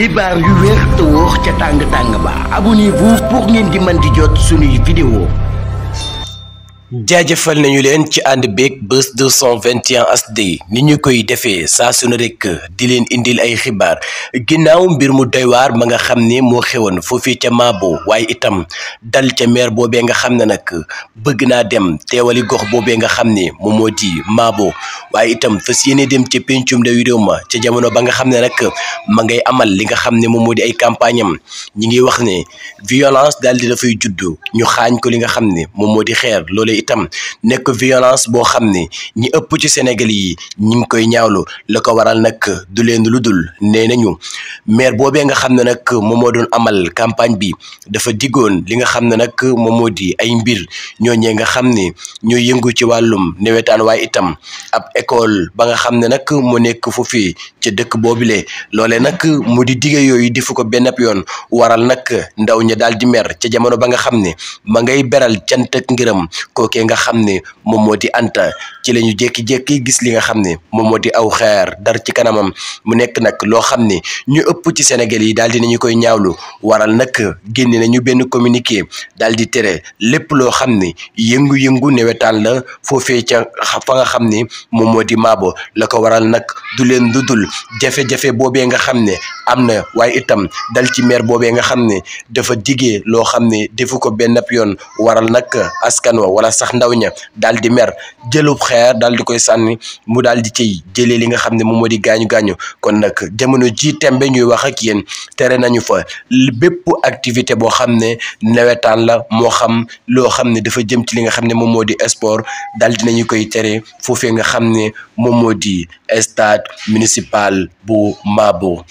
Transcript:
xibaar yu wér te wóor ca tàng tàng ba abonnez-vous pour ngeen di mën di jot suñuy vidéo jaajëfal nañu leen ci ànd beeg bés 221 HD ni ñu koy defee saa su ne rek di leen indil ay xibaar ginnaaw mbir mu daywaar waar ma nga xam ne moo xewoon foofii ca Maabo waaye itam dal ca meer boobee nga xam ne nag bëgg naa dem teewali gox boobee nga xam ne moom moo di Maabo waaye itam fas yéene dem ca pincum de réew ma ca jamono ba nga xam ne nag ma ngay amal li nga xam ne moom moo di ay campagne am ñi ngi wax ne violence daal di dafay judd ñu xaañ ko li nga xam ne moom di xeer loolee itam nek violence bo xamni ñi ëpp ci Sénégal yi ñi ngi koy ñaawlu la ko waral nak du leen luddul dul maire bobé nga xamni nak amal campagne bi dafa digoon li nga xamni nak mo di ay mbir ñooñee nga xamni ne yëngu ci walum newetan way itam ab école ba nga xamni ne mo nek nekk foofii ca dëkk bobilé lolé nak mu di yoy di fuko ben ap yoon waral nak ndaw ñi dal di mer ci jamono ba nga xamni ma ngay beral cant ak ngiram ko kookee nga xam ne moom moo di Anta ci la ñu jékki-jékki gis li nga xam ne moom moo di aw xeer dar ci kanamam mu nekk nag loo xam ne ñu ëpp ci Sénégal yi daal di nañu koy ñaawlu waral nag génne nañu benn communiqué daal di tere lépp loo xam ne yëngu-yëngu newetaan la foofee ca fa nga xam ne moom moo di Maabo la ko waral nag du leen dudul jafe-jafe boobee nga xam ne am na waaye itam dal ci maire boobee nga xam ne dafa digee loo xam ne defu ko benn yoon waral nag sax ndaw ña daal di mer jëlu xeer daal di koy sànni mu daal di ciy jëlee li nga xam ne moom moo di gaañu gaañu kon nag jamono ji tembe ñuy wax ak yéen tere nañu fa bépp activité boo xam ne nawetaan la moo xam loo xam ne dafa jëm ci li nga xam ne moom moo di sport daal di nañu koy tere foofu nga xam ne moom moo di stade municipal bu Mabo